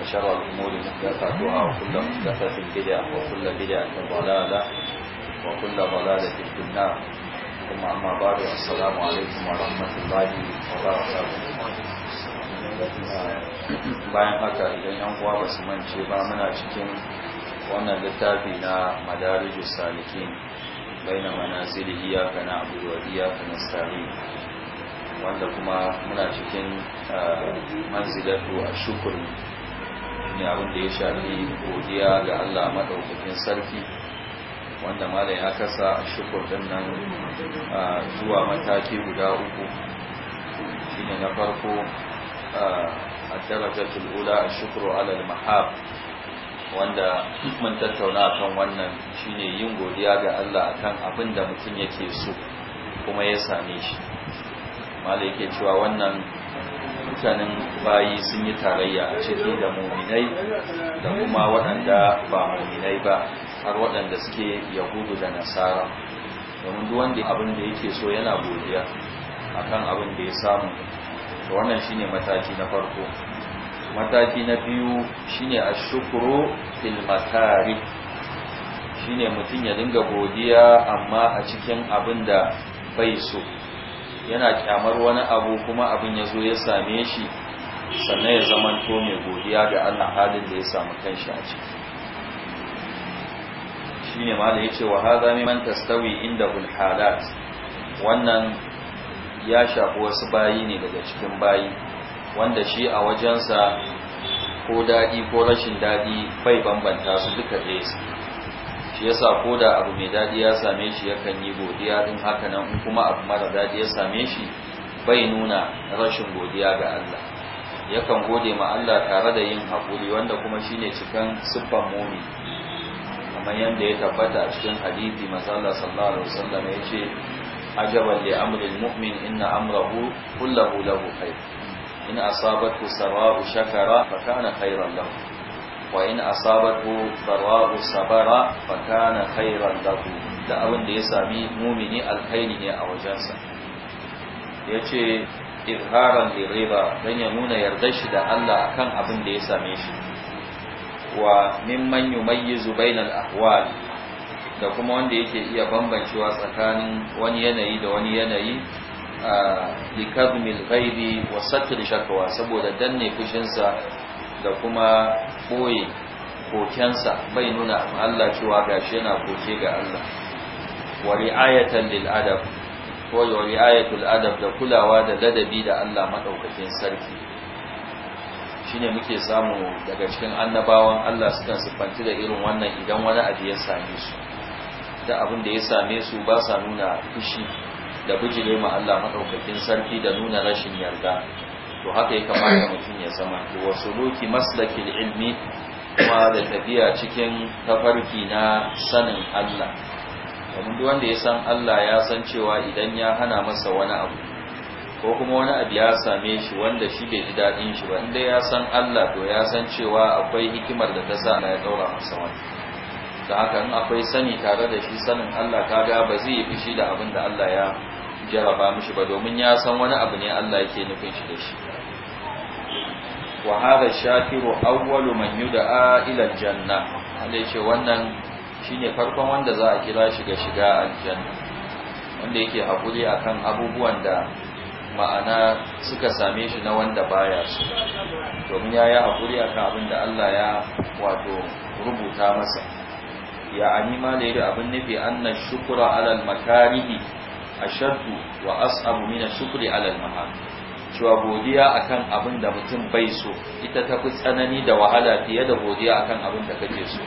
وشر الأمور محدثاتها وكل محدثة بدعة وكل بدعة ضلالة وكل ضلالة في النار ثم أما بعد السلام عليكم ورحمة الله وبركاته bayan haka idan yan uwa ba su mance ba muna cikin wannan littafi na madarijus salikin baina manazili iyaka na abu wa iyaka sari wanda kuma muna cikin manzilatu a shukuri ne abin da ya shafi godiya ga Allah madaukakin sarki wanda malam ya kasa shukur din nan zuwa mataki guda uku shine na farko a darajatul ula a ala al-mahab wanda mun tattauna kan wannan shine yin godiya ga Allah akan abin da mutum yake so kuma ya same shi malai yake cewa wannan mutanen bayi sun yi tarayya a ciki da muminai da kuma waɗanda ba muminai ba har waɗanda suke yahudu da nasara domin duk wanda abin da yake so yana godiya a kan abin da ya samu to wannan shine mataki na farko mataki na biyu shine a filmatari shi shine mutum ya dinga godiya amma a cikin abin da bai so yana kyamar wani abu kuma abin ya zo ya same shi sannan ya zamanto mai godiya ga Allah halin da ya samu kanshi a ciki shine ma da yace wa hadha mimman tastawi inda halat wannan ya shafi wasu bayi ne daga cikin bayi wanda shi a wajensa ko daɗi ko rashin daɗi bai bambanta su duka ɗaya shi yasa ko da abu mai daɗi ya same shi yakan yi godiya din haka nan in kuma abu mara daɗi ya same shi bai nuna rashin godiya ga Allah yakan gode ma Allah tare da yin haƙuri wanda kuma shine cikan siffan mumi kamar yadda ya tabbata a cikin hadithi mazala sallallahu alaihi wasallam ya ce ajaban li amril mu'min inna amrahu kullahu lahu khair in asabathu sara'u shakara fa kana khairan lahu وإن أصابته ضراء صبر فكان خيرا له da abin da ya sami mumini alkhairi ne a wajensa ya ce izharan liriba don ya nuna yardar shi da Allah akan abin da ya same shi wa mimman yumayyizu bainal ahwal da kuma wanda yake iya bambancewa tsakanin wani yanayi da wani yanayi likadmil ghaibi wa satr shakwa saboda danne fushinsa da kuma ɓoye kokensa bai nuna Allah cewa gashi yana koke ga Allah wa ri'ayatan lil adab ko wa ri'ayatul adab da kulawa da ladabi da Allah madaukakin sarki shine muke samu daga cikin annabawan Allah sukan sifanci da irin wannan idan wani abu ya same su da abin da ya same su ba sa nuna fushi da bijire ma Allah madaukakin sarki da nuna rashin yarda to haka ya kamata mutum ya zama to wa suluki maslakil ilmi kuma da tafiya cikin tafarki na sanin Allah domin duk wanda ya san Allah ya san cewa idan ya hana masa wani abu ko kuma wani abu ya same shi wanda shi bai ji daɗin shi ba inda ya san Allah to ya san cewa akwai hikimar da ta sa ya ɗaura masa wani da haka in akwai sani tare da shi sanin Allah kaga ba zai yi fushi da abin da Allah ya jaraba mishi ba domin ya san wani abu ne Allah yake nufin shi da shi wa hada shafiru awwalu man yud'a ila aljanna Allah ce wannan shine farkon wanda za a kira shi ga shiga aljanna wanda yake hakuri akan abubuwan da ma'ana suka same shi na wanda baya su domin yayi hakuri akan abin da Allah ya wato rubuta masa ya anima ne da abin nufi anna shukra ala al makarihi ashaddu wa as'abu min ash-shukri ala al cewa godiya akan abin da mutum bai so ita ta fi tsanani da wahala fiye da godiya akan abin da kake so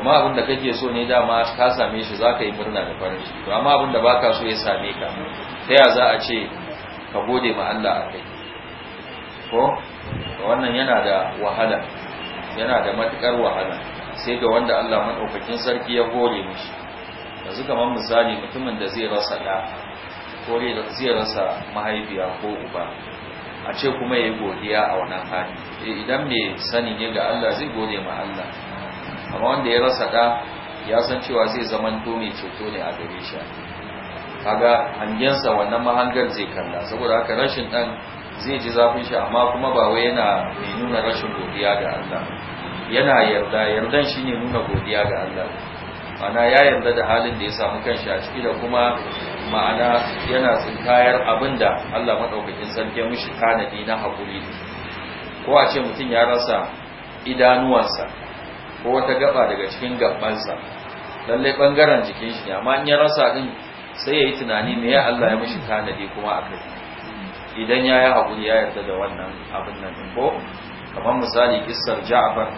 amma abin da kake so ne dama ka same shi zaka yi murna da farin ciki to amma abin da baka so ya same ka ta ya za a ce ka gode ma Allah a kai ko wannan yana da wahala yana da matukar wahala sai ga wanda Allah madaukakin sarki ya gode mishi yanzu kamar misali mutumin da zai rasa da kore zai rasa mahaifiya ko uba a ce kuma ya godiya a wannan hali eh, idan mai sani ne ga Allah zai gode ma Allah amma wanda ya rasa da ya san cewa zai zaman to mai ceto ne a gare shi kaga hangensa wannan mahangar zai kalla saboda haka rashin dan zai ji zafin shi amma kuma ba wai yana mai nuna rashin godiya ga Allah yana yarda yardan shine nuna godiya ga Allah ana ya yarda da halin da ya samu kanshi a ciki da kuma ma'ana yana tsinkayar abinda Allah maɗaukakin sarki mishi tanadi na haƙuri ko a ce mutum ya rasa idanuwansa ko wata gaba daga cikin gabansa lalle ɓangaren jikin shi amma in ya rasa ɗin sai ya yi tunani me ya Allah ya mishi tanadi kuma akai idan ya yi haƙuri ya yarda da wannan abin nan ɗin ko kamar misali kissar Ja'far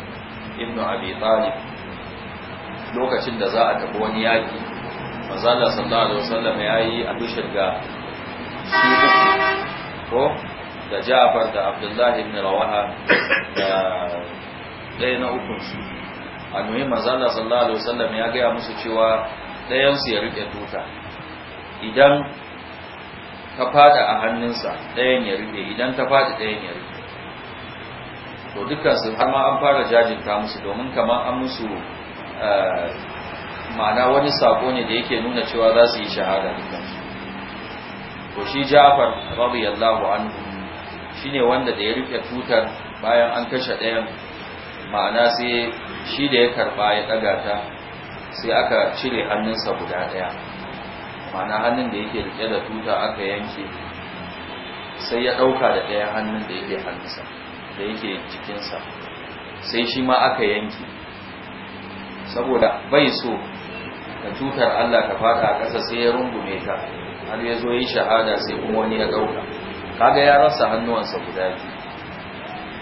Ibnu Abi Talib lokacin da za a tafi wani yaki mazala sallallahu alaihi wasallam ya yi abishir ga ko da Ja'far da Abdullahi ibn Rawaha da ɗaya na uku su annabi mazala sallallahu alaihi wasallam ya gaya musu cewa ɗayan su ya rike tuta idan ka fada a hannunsa ɗayan ya rike idan ta fada ɗayan ya rike to dukkan su har ma an fara jajinta musu domin kamar an musu eh, ma'ana wani sako ne da yake nuna cewa za su yi shahada dukansu to shi jafar radiyallahu anhu shine wanda da ya rike tutar bayan an kashe ɗayan ma'ana sai shi da ya karba ya ɗaga ta sai aka cire hannunsa guda ɗaya ma'ana hannun da yake rike da tuta aka yanke sai ya ɗauka da ɗaya hannun da yake hannunsa da yake jikinsa sai shi ma aka yanke saboda bai so da tutar Allah ka fada a ƙasa sai ya rungume ta har ya zo yi shahada sai kuma wani ya ɗauka kaga ya rasa hannuwansa guda biyu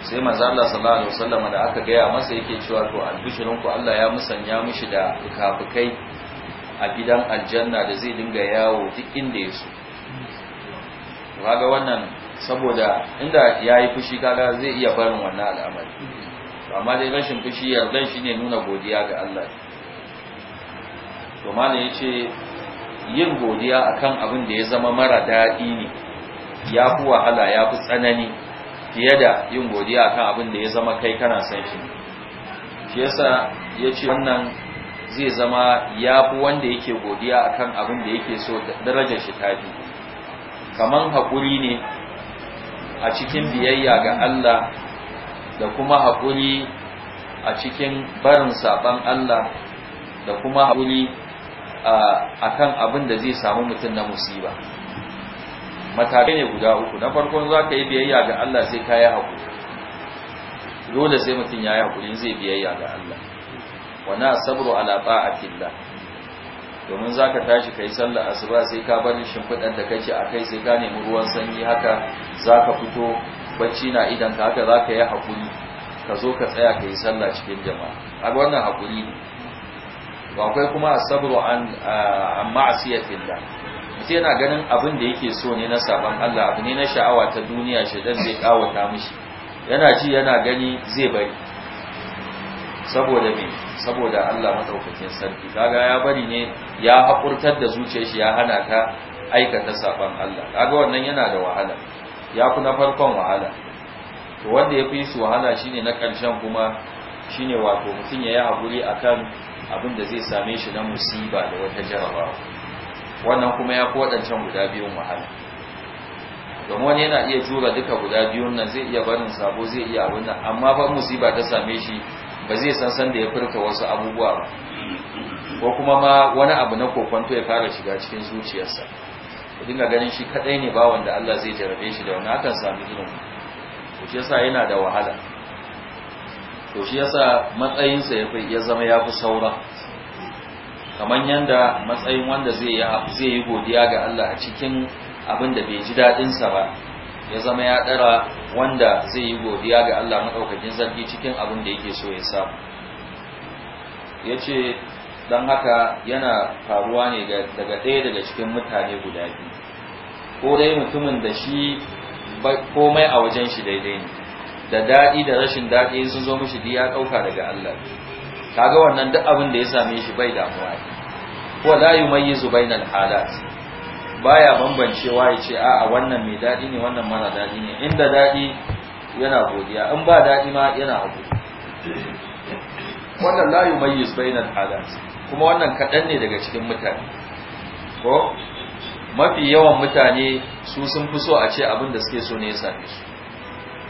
sai manzo Allah sallallahu alaihi wasallam da aka gaya masa yake cewa to ku Allah ya musanya mishi da kafukai a gidan aljanna da zai dinga yawo duk inda ya so kaga wannan saboda inda yayi fushi kaga zai iya barin wannan al'amari amma dai rashin fushi yardan shine nuna godiya ga Allah to malam yace yin godiya akan abin da ya zama mara daɗi ne ya fi wahala ya fi tsanani fiye da yin godiya akan abin da ya zama kai kana san shi shi yasa yace wannan zai zama ya fi wanda yake godiya akan abin da yake so darajar shi ta fi kaman hakuri ne a cikin biyayya ga Allah da kuma hakuri a cikin barin saɓan Allah da kuma hakuri. akan abin da zai samu mutum na musiba matakai ne guda uku na farkon za ka yi biyayya ga Allah sai ka yi haƙuri dole sai mutum ya yi haƙuri zai biyayya ga Allah wani asabro ala killa. domin za ka tashi ka yi sallar asuba sai ka bar shimfiɗar da kake a kai sai ka nemi ruwan sanyi haka za ka fito bacci na idan ka haka za ka yi haƙuri ka zo ka tsaya ka yi sallah cikin jama'a a wannan haƙuri ne to akwai kuma asabru an an ma'asiyatillah mutum yana ganin abin da yake so ne na sabon Allah abu ne na sha'awa ta duniya shedan zai kawata mishi yana ji yana gani zai bari saboda me saboda Allah madaukakin sarki kaga ya bari ne ya hakurtar da zuciyar shi ya hana ta aikata sabon Allah kaga wannan yana da wahala ya ku na farkon wahala to wanda ya fi su wahala shine na ƙarshen kuma shine wato mutum ya yi haƙuri akan abin da zai same shi na musiba da wata jarabawa wannan kuma ya fi waɗancan guda biyun wahala domin wani yana iya jura duka guda biyun nan zai iya barin sabo zai iya abin nan amma ban musiba ta same shi ba zai san san da ya furta wasu abubuwa ba ko kuma ma wani abu na kokonto ya fara shiga cikin zuciyarsa ku dinga ganin shi kadai ne ba wanda Allah zai jarabe shi da wani akan sami irin ku shi yasa yana da wahala to shi yasa matsayinsa ya zama ya fi sauran kamar yadda matsayin wanda zai yi godiya ga Allah a cikin abin da bai ji daɗinsa ba ya zama ya ɗara wanda zai yi godiya ga Allah maɗaukakin zargi cikin abin da yake so ya samu ya ce don haka yana faruwa ne daga ɗaya daga cikin mutane guda biyu ko dai mutumin da shi komai a wajen shi daidai ne da daɗi da rashin daɗi sun zo mishi ya ɗauka daga Allah kaga wannan duk abin da ya same shi bai damuwa ko la yumayyizu bainal halat baya bambancewa ya ce a'a wannan mai daɗi ne wannan mara daɗi ne inda daɗi yana godiya in ba daɗi ma yana abu wannan la yumayyiz bainal halat kuma wannan kaɗan ne daga cikin mutane ko mafi yawan mutane su sun fi so a ce abin da suke so ne ya same su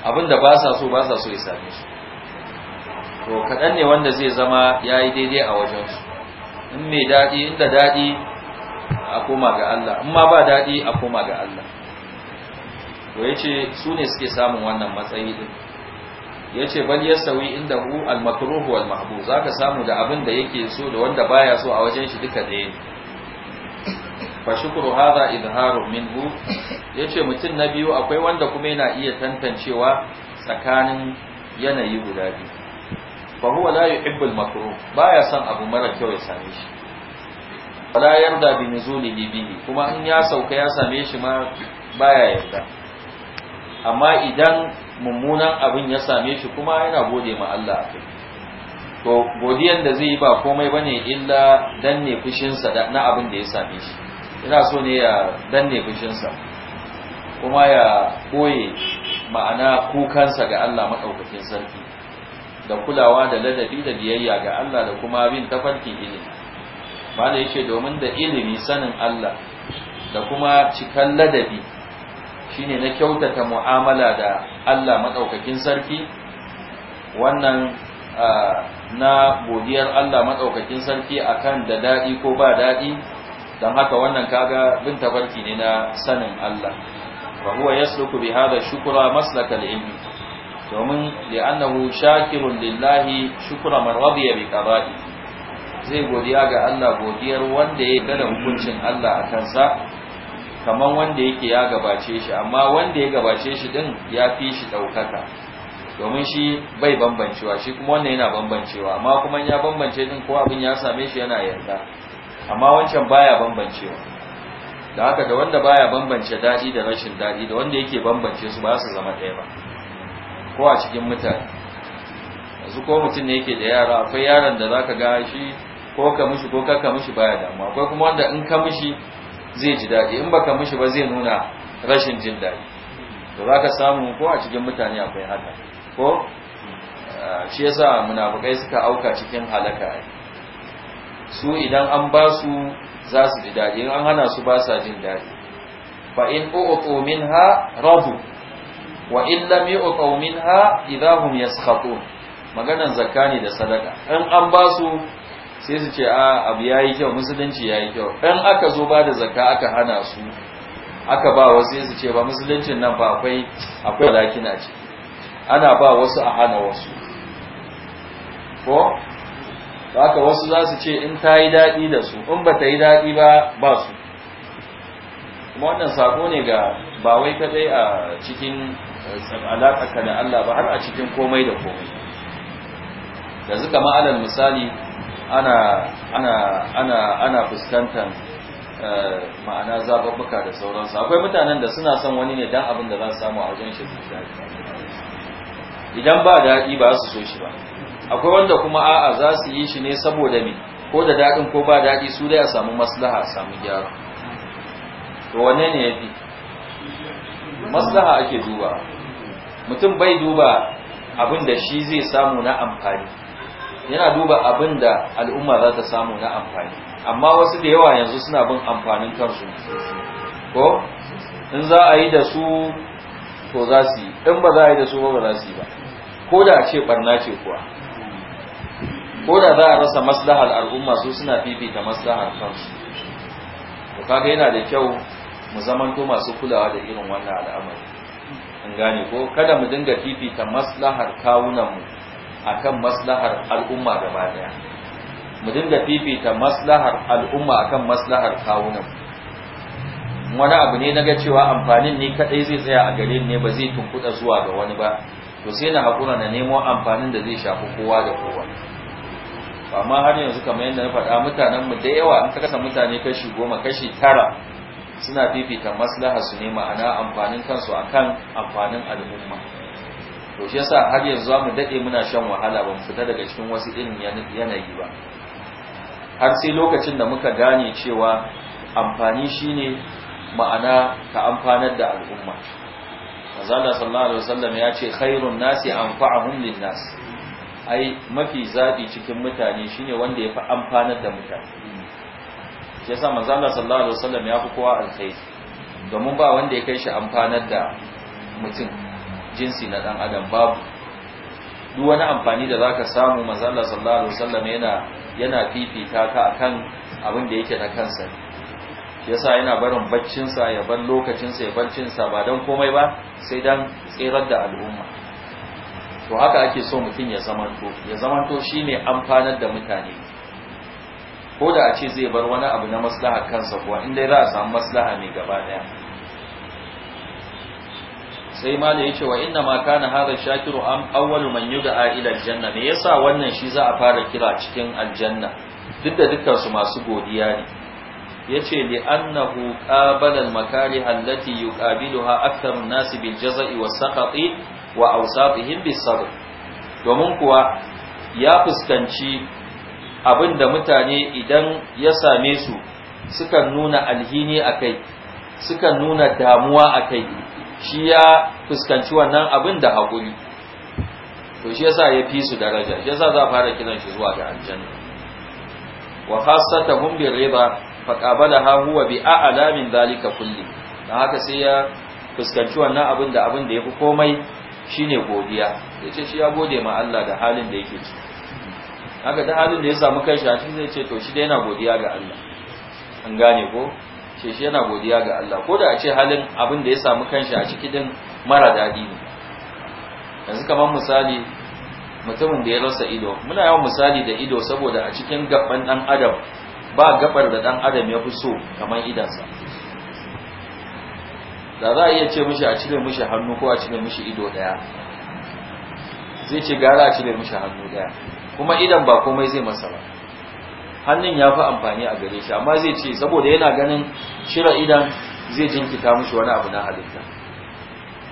abinda ba sa so ba sa so ya same su to kaɗan ne wanda zai zama ya yi daidai a wajensu in mai daɗi inda daɗi a koma ga Allah in ma ba daɗi a koma ga Allah to ya ce su ne suke samun wannan matsayi din? ya ce bal ya sauyi inda hu almakruhu wal mahbu za ka samu da abin da yake so da wanda baya so a wajen shi duka ɗaya ne fa shukru hadha izharun minhu yace mutum na biyu akwai wanda kuma yana iya tantancewa tsakanin yanayi guda biyu fa huwa la yuhibbu al-makruh baya son abu mara kyau ya same shi wala yarda bi nuzuli bihi kuma in ya sauka ya same shi ma baya yarda amma idan mummunan abin ya same shi kuma yana gode ma Allah to godiyan da zai yi ba komai bane illa danne fushinsa na abin da ya same shi yana so ne ya danne fushinsa kuma ya koye ma'ana kukansa ga Allah maɗaukakin sarki da kulawa da ladabi da biyayya ga Allah da kuma bin tafarkin ilimi ba da yake domin da ilimi sanin Allah da kuma cikan ladabi shine na kyautata mu'amala da Allah maɗaukakin sarki wannan ah, na godiyar Allah maɗaukakin sarki akan da daɗi ko ba daɗi don haka wannan kaga bin tafarki ne na sanin Allah wa huwa yasluku bi hadha shukra maslaka al-ilmi domin annahu shakirun lillahi shukra man radiya bi qada'i zai godiya ga Allah godiyar wanda ya da hukuncin Allah a kansa kaman wanda yake ya gabace shi amma wanda ya gabace shi din ya fi shi daukaka domin shi bai bambancewa shi kuma wannan yana bambancewa amma kuma ya bambance din ko abin ya same shi yana yarda amma wancan baya bambancewa da haka da wanda baya bambance daɗi da rashin daɗi da wanda yake bambance su ba su zama ɗaya ba ko a cikin mutane yanzu ko mutum ne yake da yara akwai yaron da za ka ga shi ko ka mushi ko ka mushi baya damuwa akwai kuma wanda in ka mushi zai ji daɗi in baka mushi ba zai nuna rashin jin daɗi to za ka samu ko a cikin mutane akwai haka ko eh, shi yasa munafukai suka auka cikin halaka ai su idan an ba su za su ji daɗi in an hana su ba sa jin daɗi fa in min minha rabu wa in lam yuqtu minha idahum yaskhatun maganan zakka ne da sadaka in an ba su sai su ce a abu yayi kyau musulunci yayi kyau in aka zo ba da zakka aka hana su aka ba wasu sai su ce ba musuluncin nan ba akwai akwai lakina ce ana ba wasu a hana wasu ko haka wasu za su ce in ta yi daɗi da su in ba ta yi daɗi ba ba su kuma wannan sako ne ga bawai wai kaɗai a cikin eh, alaƙarka da Allah ba har a cikin komai da komai Da suka ma'alar misali ana ana ana fuskantar eh, ma'ana zaɓaɓɓuka da sauransu akwai mutanen da suna son wani ne don abin da za su samu a wajen shi idan ba daɗi ba su so shi ba akwai wanda kuma a'a za su yi shi ne saboda me ko da daɗin ko ba daɗi su dai a samu maslaha a samu gyara to wanne ne ya fi maslaha ake duba mutum bai duba abin da shi zai samu na amfani yana duba abin da al'umma za ta samu na amfani amma wasu da yawa yanzu suna bin amfanin kansu ko in za a yi da su to za su yi in ba za a yi da su ba ba za su yi ba ko da ce barna ce kuwa ko da za a rasa maslahar al'umma su suna fifita maslahar kansu to kaga yana da kyau mu zamanto masu kulawa da irin wannan al'amari an gane ko kada mu dinga fifita maslahar kawunanmu akan maslahar al'umma gaba daya mu dinga fifita maslahar al'umma akan maslahar kawunan. wani abu ne na ga cewa amfanin ne kadai zai tsaya a gare ne ba zai tunkuɗa zuwa ga wani ba to sai na haƙura na nemo amfanin da zai shafi kowa da kowa amma har yanzu kamar yadda na faɗa mutanen mu da yawa an kasa mutane kashi goma kashi tara suna fifita maslaha su ne ma'ana amfanin kansu akan amfanin al'umma to shi yasa har yanzu mu dade muna shan wahala ba mu fita daga cikin wasu irin yanayi ba har sai lokacin da muka gane cewa amfani shine ma'ana ka amfanar da al'umma manzo Allah sallallahu alaihi wasallam ya ce khairun nasi anfa'uhum lin-nas ai mafi zaɓi cikin mutane shine wanda ya fi amfanar da mutane shi yasa manzo Allah sallallahu alaihi wasallam ya fi kowa alkhairi domin ba wanda ya kai shi amfanar da mutum jinsi na dan adam babu duk wani amfani da zaka samu manzo Allah sallallahu alaihi wasallam yana yana fifita ka akan abin da yake na kansa shi yasa yana barin baccin sa ya bar lokacin sa ya bar cin sa ba dan komai ba sai dan tsirar da al'umma to haka ake so mutum ya zamanto ya zamanto shine amfanar da mutane ko da a ce zai bar wani abu na maslaha kansa kuwa inda za a samu maslaha mai gaba daya sai malam yace wa inna ma kana hada shakiru am awwalu man yud'a ila aljanna me yasa wannan shi za a fara kira cikin aljanna duk da dukkan su masu godiya ne yace li annahu qabala al makarih allati yuqabiluha an nasi bil jaza'i was saqati wa bis sabr domin kuwa ya fuskanci abin da mutane idan ya same su sukan nuna alhini akai sukan nuna damuwa akai shi ya fuskanci wannan abin da hakuri to shi yasa ya fi su daraja shi yasa za a fara kiran shi zuwa ga aljanna wa hum bi riba faqabalaha huwa bi a'la min dhalika kulli dan haka sai ya fuskanci wannan abin da abin da yafi komai shine godiya yace shi ya gode ma Allah da halin da yake ciki haka da halin da ya samu kai shi a zai ce to shi dai yana godiya ga Allah an gane ko ce shi yana godiya ga Allah ko da a ce halin abin da ya samu kanshi a ciki din mara daɗi ne yanzu kamar misali mutumin da ya rasa ido muna yawan misali da ido saboda a cikin gaban dan adam ba gabar da dan adam ya fi so kamar idansa da za a iya ce mishi a cire mishi hannu ko a cire mishi ido daya zai ce gara a cire mishi hannu daya kuma idan ba komai zai masa ba hannun ya fi amfani a gare shi amma zai ce saboda yana ganin shirar idan zai jinkita mishi wani abu na halitta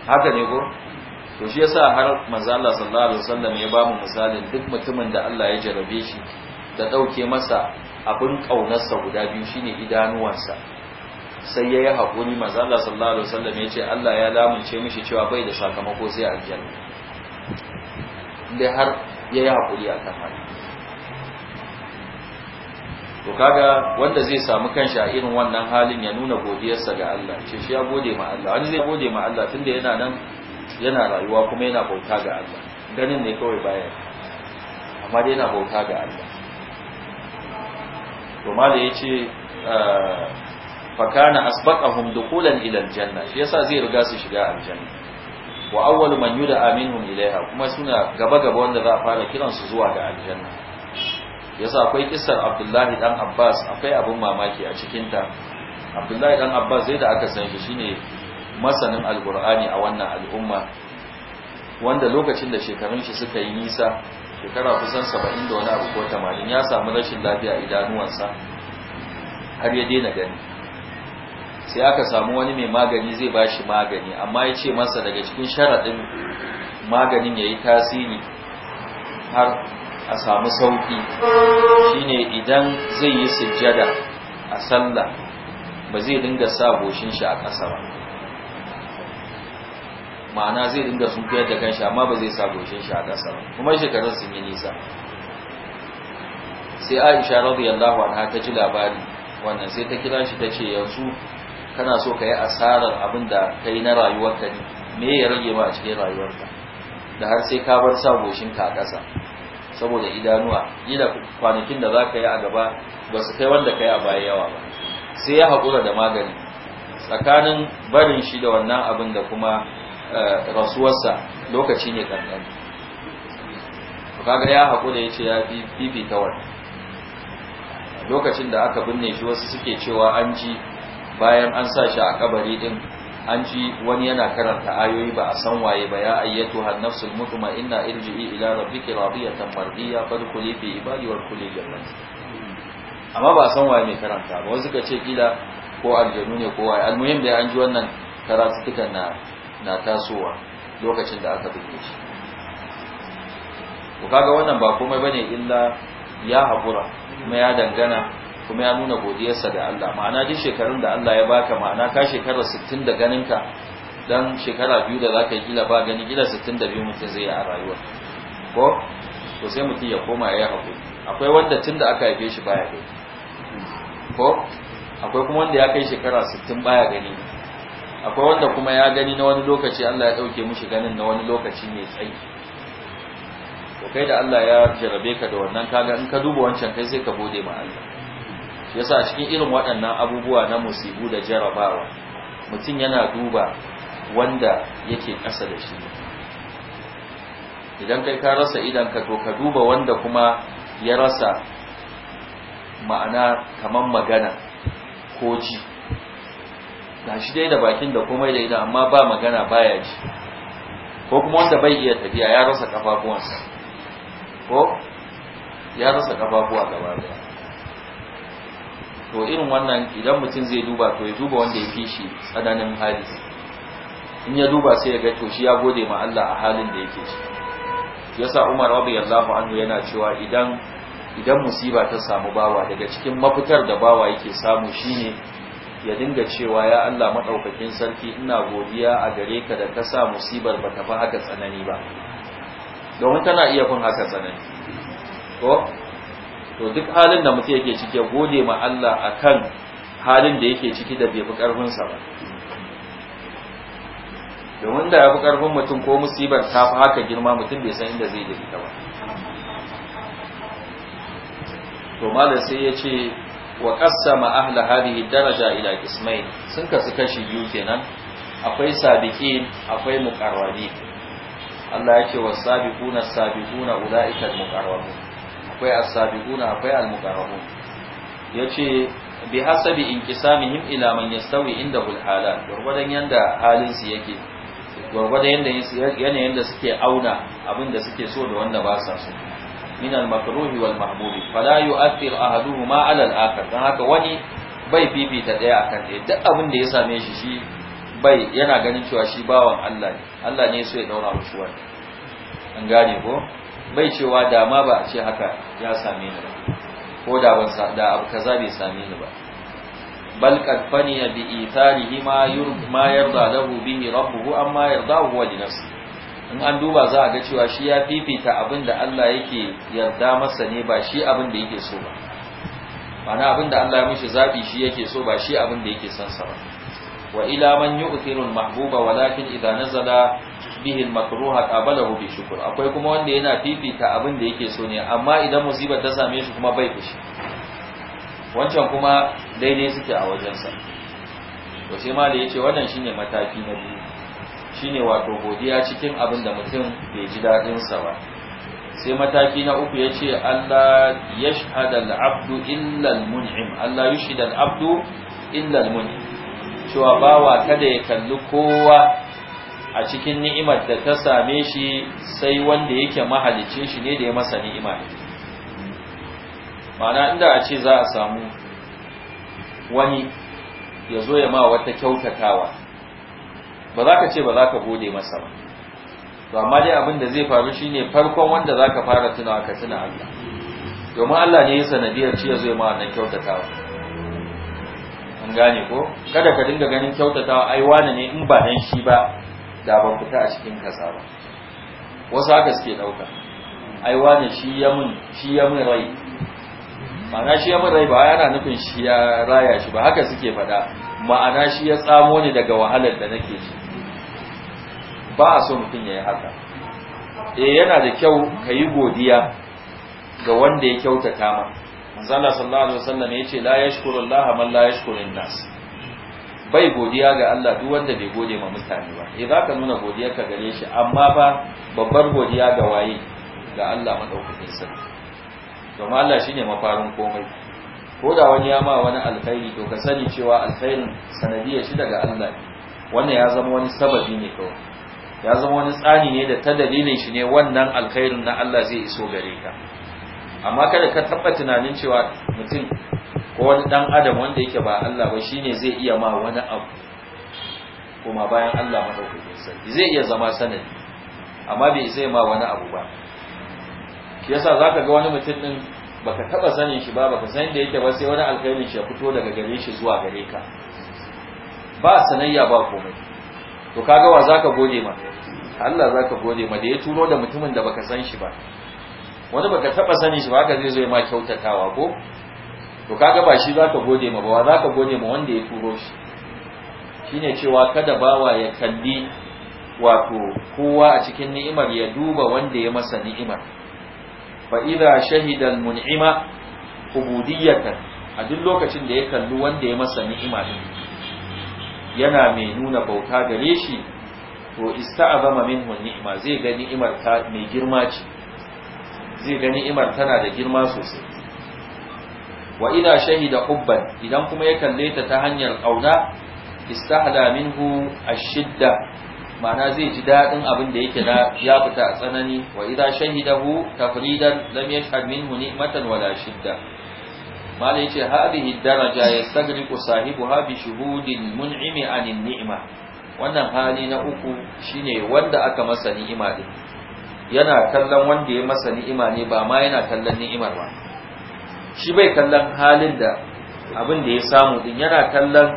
haka ne ko to shi yasa har manzo Allah sallallahu alaihi wasallam ya ba mu misalin duk mutumin da Allah ya jarabe shi da dauke masa abin kaunarsa guda biyu shine idanuwansa sai ya yi haƙuri Allah sallallahu alaihi wasallam ya ce Allah ya lamunce mishi cewa bai da sakamako sai aljanna da har ya yi haƙuri a kan haka to kaga wanda zai samu kanshi a irin wannan halin ya nuna godiyarsa ga Allah ce shi ya gode ma Allah wani zai gode ma Allah tunda yana nan yana rayuwa kuma yana bauta ga Allah ganin ne kawai baya amma dai yana bauta ga Allah to mala yace ah, fakana asbaqahum dukulan ila aljanna shi yasa zai riga su shiga aljanna wa awwal man yud'a aminhum ilaiha kuma suna gaba gaba wanda za a fara kiran su zuwa ga aljanna yasa akwai kissar Abdullahi dan Abbas akwai abin mamaki a cikin ta Abdullahi dan Abbas zai da aka san shi shine masanin alqur'ani a wannan al'umma wanda lokacin da shekarun shi suka yi nisa shekara kusan 70 da wani abu ko 80 ya samu rashin lafiya idanuwansa har ya daina gani sai aka samu wani mai magani zai ba shi magani amma ya ce masa daga cikin sharaɗin maganin ya yi tasiri har a samu sauƙi shine idan zai yi sujjada a sallah ba zai dinga sa goshin shi a ƙasa ba ma'ana zai dinga sunkuyar da shi amma ba zai sa goshin shi a ƙasa ba kuma shekarun sun yi nisa sai aisha radiyallahu anha ta ji labari wannan sai ta kira shi ta ce yanzu kana so ka yi asarar abin da ka yi na rayuwarka ne me ya rage ma a cikin rayuwarka da har sai ka bar sa goshinka a ƙasa saboda idanuwa da kwanakin da za ka yi a gaba ba su kai wanda ka yi a baya yawa ba sai ya haƙura da magani tsakanin barin shi da wannan abin da kuma eh, rasuwarsa lokaci ne ƙanƙani kaga ya haƙura ya ce ya fifita wani. lokacin da aka binne shi wasu suke cewa an ji bayan an sa shi a kabari din an ji wani yana karanta ayoyi ba a san waye ba ya ayyatu har nafsul inna irji'i ila rabbiki radiyatan mardiya fadkhuli fi ibadi wal kulli jannah amma ba san waye mai karanta ba wasu ka ce kila ko aljanu ne ko waye almuhim da an ji wannan tukan na na tasowa lokacin da aka buge shi ko kaga wannan ba komai bane illa ya haƙura kuma ya dangana kuma ya nuna godiyarsa ga Allah ma'ana duk shekarun da Allah ya baka ma'ana ka shekara 60 da ganinka dan shekara biyu da zaka yi ba gani gila 62 mutum zai yi a rayuwa ko to sai mutum ya koma ya yi hakuri akwai wanda tun da aka haife shi baya gani ko akwai kuma wanda ya kai shekara 60 baya gani akwai wanda kuma ya gani na wani lokaci Allah ya dauke mushi ganin na wani lokaci mai tsayi to kai da Allah ya jarabe ka da wannan kaga in ka duba wancan kai sai ka gode ma Allah yasa cikin irin waɗannan abubuwa na musibu da jarabawa mutum yana duba wanda yake ƙasa da shi idan kai ka rasa idanka to ka duba wanda kuma ya rasa ma'ana kamar magana ko ji ga shi dai da bakin da komai da idan amma ba magana baya ji ko kuma wanda bai iya tafiya ya rasa kafafuwansa ko ya rasa kafafuwa gaba daya to irin wannan idan mutum zai duba to ya duba wanda ya fi shi tsananin hali in ya duba sai ya ga to shi ya gode ma Allah a halin da yake Ya yasa Umar radiyallahu anhu yana cewa idan musiba ta samu bawa daga cikin mafitar da bawa yake samu shine ya dinga cewa ya Allah maɗaukakin sarki ina godiya a gare ka da ka sa musibar ba ta fi haka tsanani ba domin tana iya fin haka tsanani ko to duk halin da mutum yake ciki gode ma Allah akan halin da yake ciki da bai fi karfin sa ba domin da ya fi karfin mutum ko musibar ta fi haka girma mutum bai san inda zai da ita ba to malam sai ya ce wa qassama ahla hadhihi daraja ila qismain sun kasu kashi biyu kenan akwai sabiqin akwai muqarrabi Allah ya ce sabiquna sabiquna ulaika al muqarrabun akwai as-sabiquna akwai al-muqarrabun yace bi hasabi inqisamihim ila man yastawi inda al-halat gurbadan yanda halin su yake gurbadan yanda yanayin da suke auna abinda suke so da wanda ba sa so min al-makruhi wal mahbubi fala yu'athir ahaduhuma ala al-akhar dan haka wani bai fifita daya akan daya duk abin da ya same shi shi bai yana ganin cewa shi bawan Allah ne Allah ne ya so ya daura mushi wani an gane ko bai cewa da ba a ce haka ya same ni ba ko da ban da abu kaza bai same ni ba bal qad fani bi itharihi ma yurd ma yarda lahu bihi rabbuhu amma yardahu wa li nafsi in an duba za a ga cewa shi ya fifita abin da Allah yake yarda masa ne ba shi abin da yake so ba ma'ana abin da Allah ya mishi zabi shi yake so ba shi abin da yake son sa ba wa ila man yu'thiru al-mahbuba walakin idha nazala bihi makruha qabalahu bi shukr akwai kuma wanda yana fifita abin da yake so ne amma idan musibar ta same shi kuma bai fushi wancan kuma daidai suke a wajensa to sai malai yace wannan shine mataki na biyu shine wato godiya cikin abin da mutum bai ji dadin sa ba sai mataki na uku yace Allah yashhadu al-abdu illa al-mun'im Allah yashhadu al-abdu illa al-mun'im cewa bawa kada ya kalli kowa a cikin ni'imar da ta same shi sai wanda yake mahalicin shi ne da ya masa ni'ima Mana inda a ce za a samu wani ya zo ya ma wata kyautatawa ba za ka ce ba za ka gode masa ba to amma dai abin da zai faru shine farkon wanda za ka fara tunawa ka tuna Allah domin Allah ne ya sanadiyar ce ya zo ya ma wannan kyautatawa an gane ko kada ka dinga ganin kyautatawa ai wane ne in ba dan shi ba da ban fita a cikin kasa ba wasu haka suke ɗauka ai wani shi ya mun shi ya mun rai ma'ana shi ya mun rai ba yana nufin shi ya raya shi ba haka suke faɗa ma'ana shi ya tsamo ni daga wahalar da nake ci ba a so mutum ya yi haka eh yana da kyau ka yi godiya ga wanda ya kyautata ma manzala sallallahu alaihi wasallam ya la yashkuru man la yashkuru nas bai godiya ga Allah duk wanda bai gode ma mutane ba eh zaka nuna ka gare shi amma ba babbar godiya ga waye ga Allah madaukakin sarki domin Allah shine mafarin komai ko da wani ya ma wani alkhairi to ka sani cewa alkhairin sanadiyar shi daga Allah wannan ya zama wani sababi ne kawai ya zama wani tsani ne da ta dalilin shi ne wannan alkhairin na Allah zai iso gare ka amma kada ka taɓa tunanin cewa mutum ko wani dan adam wanda yake ba Allah ba shine zai iya ma wani abu kuma bayan Allah madaukakin sarki zai iya zama sanadi amma bai zai ma wani abu ba shi yasa zaka ga wani mutum din baka taba sanin shi ba baka san da yake ba sai wani alkhairin shi ya fito daga gare shi zuwa gare ka ba sanayya ba komai to kaga wa zaka gode ma Allah zaka gode ma da ya turo da mutumin da baka san shi ba wani baka taba sanin shi ba haka zai zo ya ma kyautatawa ko to kaga ba shi zaka gode ma ba wa zaka gode ma wanda ya turo shi shine cewa kada bawa ya kalli wato kowa a cikin ni'imar ya duba wanda ya masa ni'imar fa idza shahida al-mun'ima ubudiyatan a duk lokacin da ya kalli wanda ya masa ni'ima din yana mai nuna bauta gare shi to ista'azama minhu ni'ima zai ga ni'imar ta mai girma ce zai ga ni'imar tana da girma sosai wa idha shahida hubban idan kuma ya kalle ta ta hanyar kauna istahla minhu ashidda ma'ana zai ji dadin abin da yake da ya fita a tsanani wa idha shahidahu tafridan lam yashhad minhu ni'matan wala shidda mala yace hadhihi daraja yastagriqu sahibuha bi shuhudil mun'imi anin ni'ma wannan hali na uku shine wanda aka masa ni'ima din yana kallon wanda ya masa ni'ima ne ba ma yana kallon ni'imar ba shi bai kallon halin da abin da ya samu din yana kallon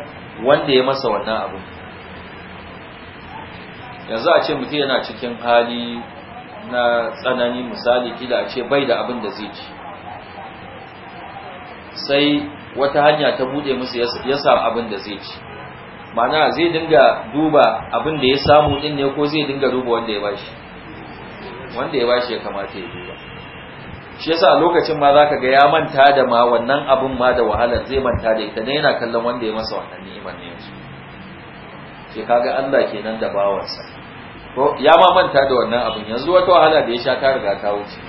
wanda ya masa wannan abin yanzu a ce mutum yana cikin hali na tsanani misali kila a ce bai da abin da zai ci sai wata hanya ta bude musu ya samu abin da zai ci mana zai dinga duba abin da ya samu din ne ko zai dinga duba wanda ya bashi wanda ya bashi ya kamata ya duba shi yasa lokacin ma zaka ga ya manta da ma wannan abun ma da wahalar zai manta da ita ne yana kallon wanda ya masa wannan ni'imar ne yanzu ke kaga Allah kenan da bawansa ko ya ma manta da wannan abun yanzu wata wahala da ya sha ta riga ta wuce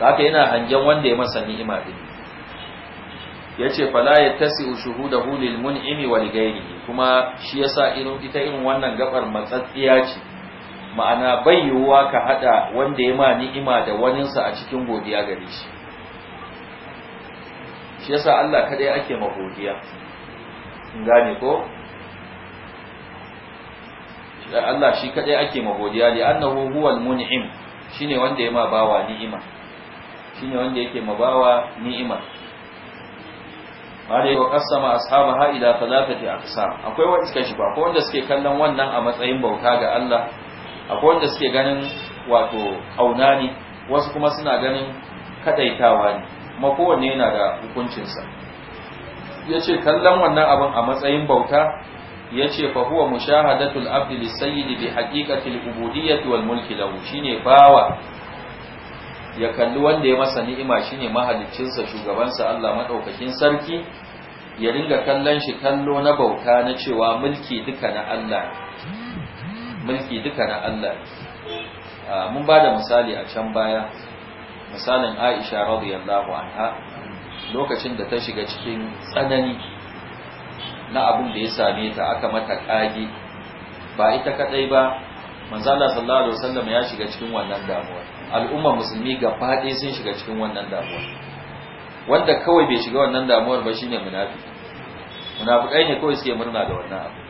haka yana hangen wanda ya masa ni'ima din yace fala yattasi'u shuhudahu lil mun'imi wal li kuma shi yasa irin ita irin wannan gabar matsatsiya ce ma'ana bai yiwuwa ka hada wanda ya ma ni'ima da waninsa a cikin godiya gare shi shi yasa Allah kadai ake ma godiya gane ko Allah shi kadai ake ma godiya li annahu huwal mun'im shine wanda ya ma bawa ni'ima shine wanda yake ma bawa ni'ima Mare wa kasama ashabaha ila thalathati aqsam akwai wanda suka shi ba ko wanda suke kallon wannan a matsayin bauta ga Allah akwai wanda suke ganin wato kauna ne wasu kuma suna ganin kadaitawa ne kuma kowanne yana da hukuncinsa ya ce kallon wannan abin a matsayin bauta ya ce fa huwa mushahadatul abdi lisayyidi bi haqiqatil ubudiyyati wal mulki lahu shine bawa ya kalli wanda ya masa ni'ima shine mahaliccinsa shugabansa Allah madaukakin sarki ya ringa kallon shi kallo na bauta na cewa mulki duka na Allah mulki duka na Allah ah, mun ba da misali a can baya misalin Aisha radiyallahu anha lokacin da ta shiga cikin tsanani na abin da ya same ta aka mata kage ba ita kadai ba manzala sallallahu alaihi wasallam ya shiga cikin wannan damuwa al'umma musulmi ga fadi sun shiga cikin wannan damuwa wanda kawai bai shiga wannan damuwar ba shine munafiki munafikai ne kawai suke murna da wannan abu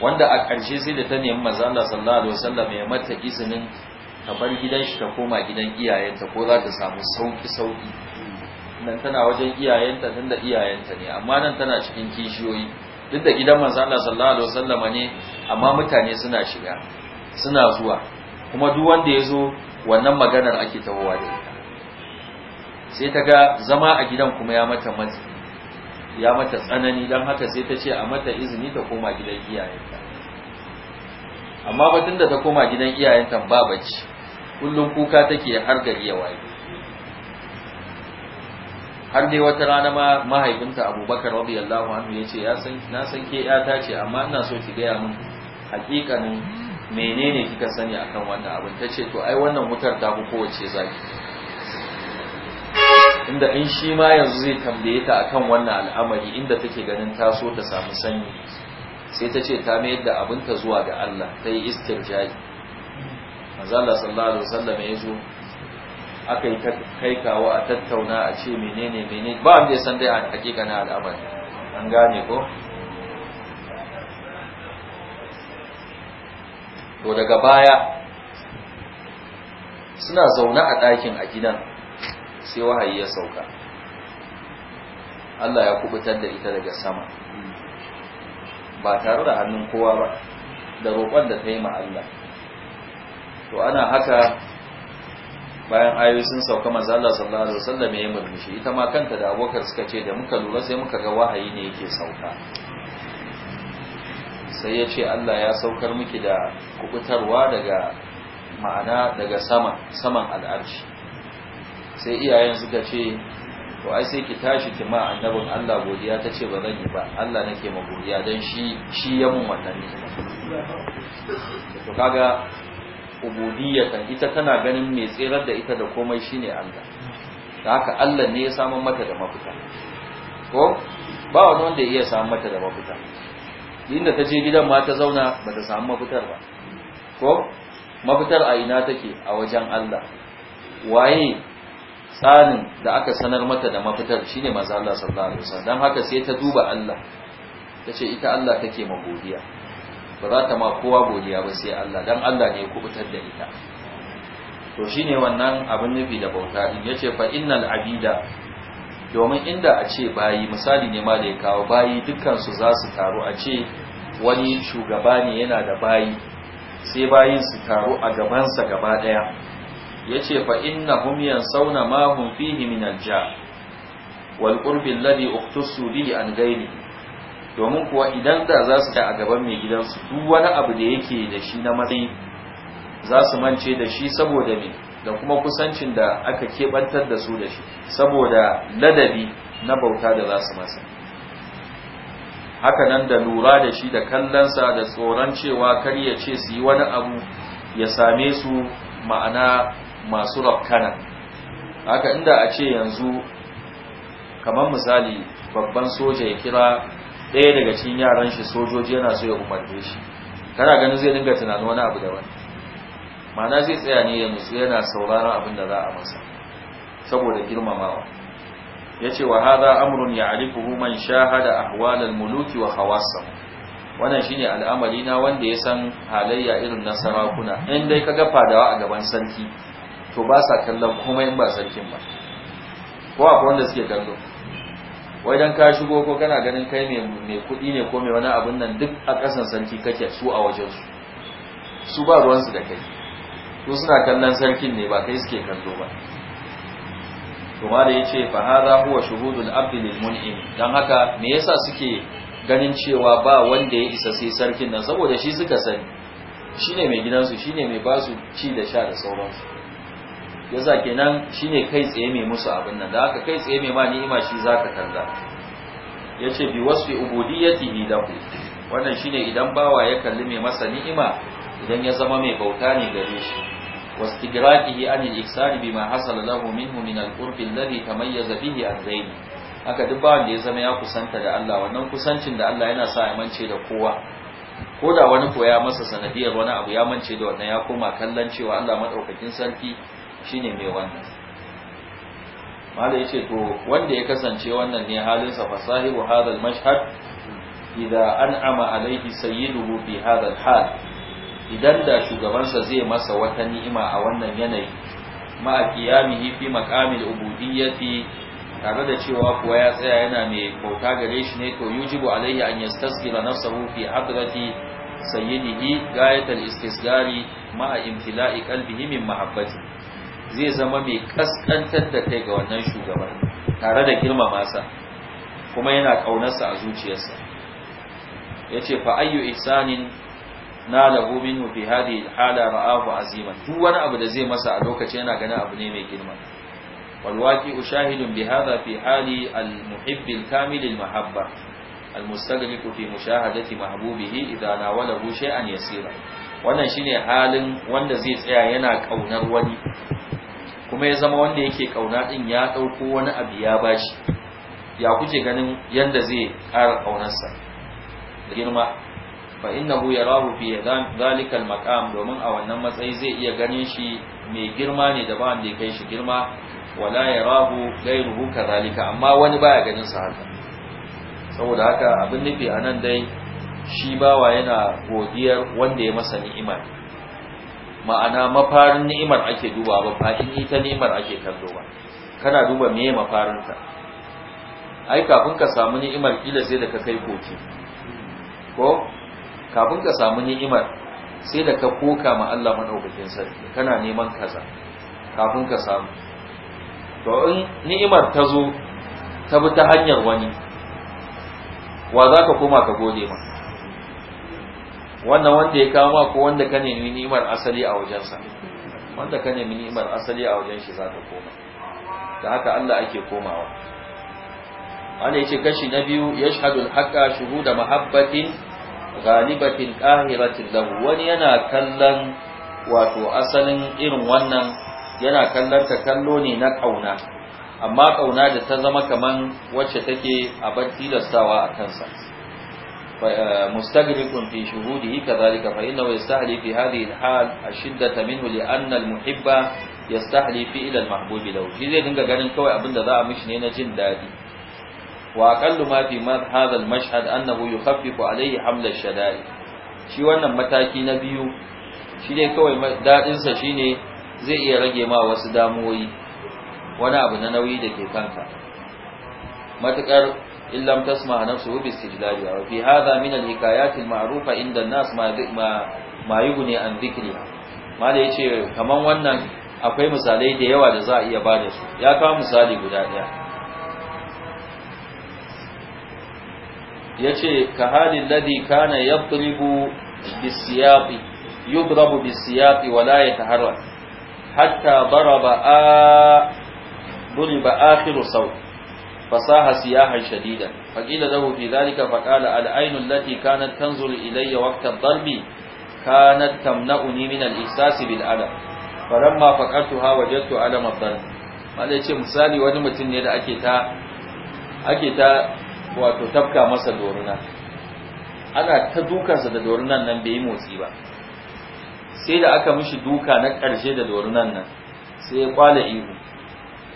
wanda a ƙarshe sai da ta nemi maza Allah sallallahu alaihi wasallam ya mata izinin ta bar gidan shi ta koma gidan iyayenta ko za ta samu sauki sauki nan tana wajen iyayenta tunda iyayenta ne amma nan tana cikin kishiyoyi duk da gidan manzo Allah sallallahu alaihi wasallam ne amma mutane suna shiga suna zuwa kuma duk wanda ya zo wannan maganar ake tawowa da ita sai ta ga zama a gidan kuma ya mata mata ya mata tsanani don haka sai ta ce a mata izini ta koma gidan iyayenta amma batun da ta koma gidan iyayenta ba bacci kullum kuka take har gari ya waye har dai wata rana ma mahaifinta abubakar radiyallahu anhu ya ce na san ke yata ce amma ina so ki gaya min hakikanin menene kika sani akan wannan abin ta ce to ai wannan wutar ta fi kowace zaki inda in shi ma yanzu zai tambaye ta akan wannan al'amari inda take ganin taso ta samu sanyi sai ta ce ta mayar da abinta zuwa ga Allah ta yi istirjai manzala sallallahu alaihi wasallam ya zo aka yi kai kawo a tattauna a ce menene menene ba wanda ya san dai a hakika na al'amari an gane ko to daga baya suna zaune a ɗakin a gidan sai wahayi ya sauka Allah ya kubutar da ita daga sama ba tare da hannun kowa ba da roƙon da ta yi Allah to ana haka bayan ayoyi sun sauka manzo Allah sallallahu alaihi wasallam ya murmushi ita ma kanta da abokan suka ce da muka lura sai muka ga wahayi ne yake sauka sai ya ce Allah ya saukar miki da kubutarwa daga ma'ana daga sama saman al'arshi sai iyayen suka ce to ai sai ki tashi ki ma annabin Allah godiya ta ce ba zan yi ba Allah nake ma godiya dan shi shi ya mun wannan ne to kaga ubudiyyatan ita tana ganin mai tserar da ita da komai shine Allah da haka Allah ne ya samu mata da mafita ko ba wani wanda ya iya samu mata da mafita inda ta je gidan ma ta zauna ba ta samu mafitar ba ko mafitar a ina take a wajen Allah waye tsarin da aka sanar mata da mafitar shine manzo Allah sallallahu alaihi wasallam don haka sai ta duba Allah Ta ce ita Allah take ma godiya ba za ta ma kowa godiya ba sai Allah don Allah ne ya kubutar da ita to shine wannan abin nufi da bauta din yace ce innal abida domin inda a ce bayi misali ne ma da ya kawo bayi dukansu za su taru a ce wani shugaba ne yana da bayi sai bayin su taru a gabansa gaba ɗaya. yace fa innahum yansawna ma hum fihi min alja wal qurbi alladhi uqtasu bihi an ghairi domin kuwa idan da za su a gaban mai gidansu duk wani abu da yake da shi na matsayi za su mance da shi saboda me da kuma kusancin da aka kebantar da su da shi saboda ladabi na bauta da za su masa haka nan da lura da shi da kallonsa da tsoron cewa kar ya ce su yi wani abu ya same su ma'ana masu rafkana haka inda a ce yanzu kamar misali babban soja ya kira ɗaya daga cikin yaran shi sojoji yana so ya umarce shi kana ganin zai dinga tunani wani abu da wani? ma'ana zai tsaya ne ya nutsu yana sauraron abin da za a masa saboda girmamawa ya ce wa haza amurin ya alifuhu man shahada ahwalar muluki wa hawassa wannan shine al'amari na wanda ya san halayya irin na sarakuna in dai ka ga fadawa a gaban sarki to ba sa kallon komai in ba sarkin ba ko akwai wanda suke kallo wai dan ka shigo ko kana ganin kai mai mai kuɗi ne ko mai wani abun nan duk a kasan sarki kake su a wajen su su ba ruwan su da kai su suna kallon sarkin ne ba kai suke kallo ba to ma da yace fa hadha huwa shuhudul abdi lil mun'im dan haka me yasa suke ganin cewa ba wanda ya isa sai sarkin nan saboda shi suka sani shine mai gidansu shine mai basu ci da sha da sauransu yasa kenan shine kai tsaye mai musu abin nan da aka kai tsaye mai ma ni'ima shi zaka kalla yace bi wasfi ubudiyyatihi lahu wannan shine idan bawa ya kalli mai masa ni'ima idan ya zama mai bauta ne gare shi wastigraqihi al ihsan bima hasala lahu minhu min al-qurbi alladhi tamayyaza bihi an zayn haka duk bawan da ya zama ya kusanta da Allah wannan kusancin da Allah yana sa ya da kowa ko da wani koya masa sanadiyar wani abu ya mance da wannan ya koma kallon cewa Allah madaukakin sarki shine mai wannan malai yace to wanda ya kasance wannan ne halinsa fa sahibu Mashad al-mashhad idza an'ama alayhi sayyiduhu fi hadha hal idan da shugabansa zai masa wata ni'ima a wannan yanayi ma qiyamihi fi maqamil ubudiyyati tare da cewa kuwa ya tsaya yana mai bauta gare shi ne to yujibu alaihi an yastasghira nafsahu fi hadrati sayyidihi gayatal istisgari ma'a imtila'i qalbihi min mahabbati zai zama mai kaskantar da kai ga wannan shugaban tare da girmama sa kuma yana ƙaunarsa a zuciyarsa ya ce fa ayyu ihsanin na lahu minhu fi hadhihi hala ra'ahu aziman duk wani abu da zai masa a lokacin yana ganin abu ne mai girma wal waqi'u shahidun bi hadha fi hali al muhibb al kamil al mahabba al mustaghliq fi mushahadati mahbubihi idha nawalahu shay'an yasira wannan shine halin wanda zai tsaya yana kaunar wani kuma ya zama wanda yake kauna din ya dauko wani abu ya bashi ya kuje ganin yanda zai ƙara kaunarsa girma fa innahu yarahu fi zalika al-maqam domin a wannan matsayi zai iya ganin shi mai girma ne da ba wanda ya kai shi girma wala yarahu ghayruhu kadhalika amma wani baya ganin sa haka saboda haka abin nufi anan dai shi bawa yana godiyar wanda ya masa ni'ima ma'ana mafarin ni'imar ake duba ba fa'in ita ni'imar ake kallo ba kana duba me mafarin ka. ai kafin ka samu ni'imar kila sai da ka kai koki ko kafin ka samu ni'imar sai da ka koka ma Allah madaukakin sarki kana neman kaza kafin ka samu to in ni'imar ta zo ta bi ta hanyar wani wa za ka koma ka gode ma wannan wanda ya kawo ma ko wanda ka nemi ni'imar asali a wajensa wanda ka nemi ni'imar asali a wajen shi zaka koma da haka Allah ake komawa Allah yace kashi na biyu yashhadul al shuhuda mahabbatin ghalibatin qahiratin lahu wani yana kallon wato asalin irin wannan yana kallon ta kallo ne na kauna amma kauna da ta zama kaman wacce take a da tilastawa a kansa مستغرق في شهوده كذلك فإنه يستحلي في هذه الحال الشدة منه لأن المحب يستحلي في إلى المحبوب له shi zai dinga ganin kawai abinda da a mishi ne na jin daɗi wa lumafi ma mash'ad hadha al-mashhad annahu yukhaffifu alayhi shadai shi wannan mataki na biyu shi ne kawai daɗinsa sa shine zai iya rage ma wasu damuwoyi wani abu na nauyi da ke kanka matukar in lam tasma nafsuhu bi istijlaliha wa fi hadha min al-hikayat al-ma'rufa inda an-nas ma ma yughni an dhikriha mala yace kaman wannan akwai misalai da yawa da za a iya bada su ya kawo misali guda daya yace ka halin ladhi kana yadribu bisiyaqi yudrabu bisiyaqi wa la yataharrak hatta daraba a ضرب آخر صوت fasaha siyahan shadida faqila lahu fi dhalika faqala al-aynu allati kanat tanzuru ilayya waqta darbi kanat tamna'uni min al-ihsasi bil alam falamma faqatuha wajadtu alam ad-darb wanda yace misali wani mutum ne da ake ta ta wato tafka masa doruna ana ta dukansa da dorunan nan bai yi motsi ba sai da aka mishi duka na ƙarshe da dorunan nan sai ya kwala ihu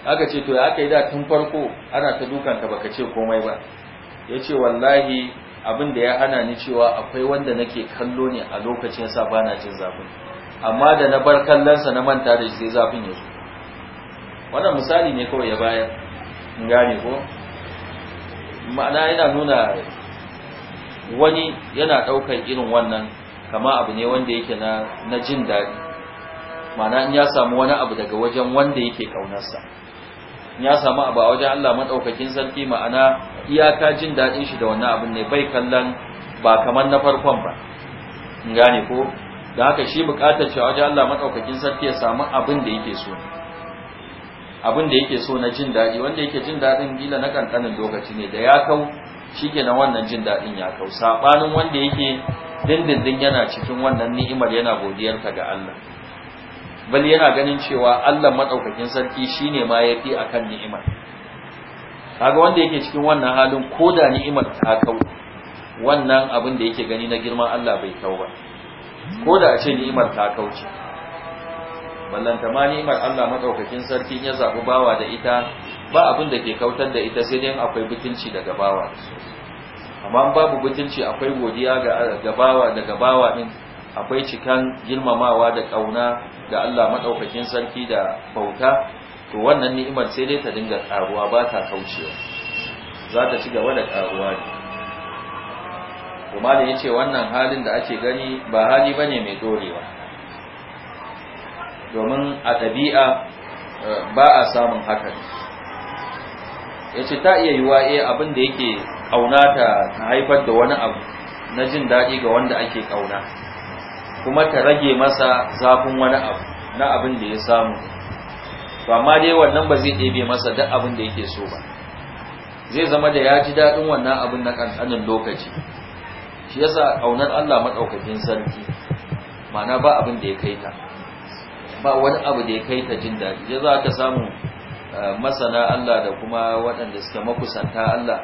aka ce to ya aka yi da tun farko ana ta dukanka baka ce komai ba ya ce wallahi abin da ya hana ni cewa akwai wanda nake kallo ne a lokacin sa bana na jin zafin amma da na bar kallonsa na manta da shi sai zafin ya zo wannan misali ne kawai ya bayar in gane ko ma'ana yana nuna wani yana ɗaukar irin wannan kama abu ne wanda yake na jin daɗi ma'ana in ya samu wani abu daga wajen wanda yake ƙaunarsa ya samu abu a wajen Allah madaukakin sarki ma'ana iyaka jin daɗin shi da wannan abin ne bai kallon ba kamar na farkon ba in gane ko da haka shi buƙatar shi a wajen Allah madaukakin sarki ya samu abin da yake so abin da yake so na jin daɗi. wanda yake jin daɗin gila na kankanin lokaci ne da ya kau shi na wannan jin daɗin ya kau sabanin wanda yake dindindin yana cikin wannan ni'imar yana godiyar ga Allah bal yana ganin cewa Allah madaukakin sarki shine ma yafi akan ni'imar kaga wanda yake cikin wannan halin ko da ni'imar ta kau wannan abin da yake gani na girman Allah bai kau ba ko da a ce ni'imar ta kauce ballanta ma ni'imar Allah madaukakin sarki ya zabi bawa da ita ba abin da ke kautar da ita sai dai akwai butunci daga bawa amma babu butunci akwai godiya ga gabawa daga bawa din akwai cikan girmamawa da kauna Da Allah madaukakin sarki da bauta to wannan ni'imar sai dai ta dinga ƙaruwa ba ta kaucewa za ta ci gaba da karuwa ne kuma da yace wannan halin da ake gani ba hali bane mai dorewa domin a ɗabi'a eh, ba a samun hakan yace ta iya yiwa eh abin da yake kauna ta haifar da wani abu na jin daɗi ga wanda ake ƙauna. kuma ta rage masa zafin wani abu na abin da ya samu to amma dai wannan ba zai ɗebe masa duk abin da yake so ba zai zama da ya ji daɗin wannan abin na ƙanƙanin lokaci shi yasa ƙaunar Allah maɗaukakin sarki ma'ana ba abin da ya kai ta ba wani abu da ya kai ta jin daɗi ya za ka samu eh, masana Allah da kuma waɗanda suka makusanta Allah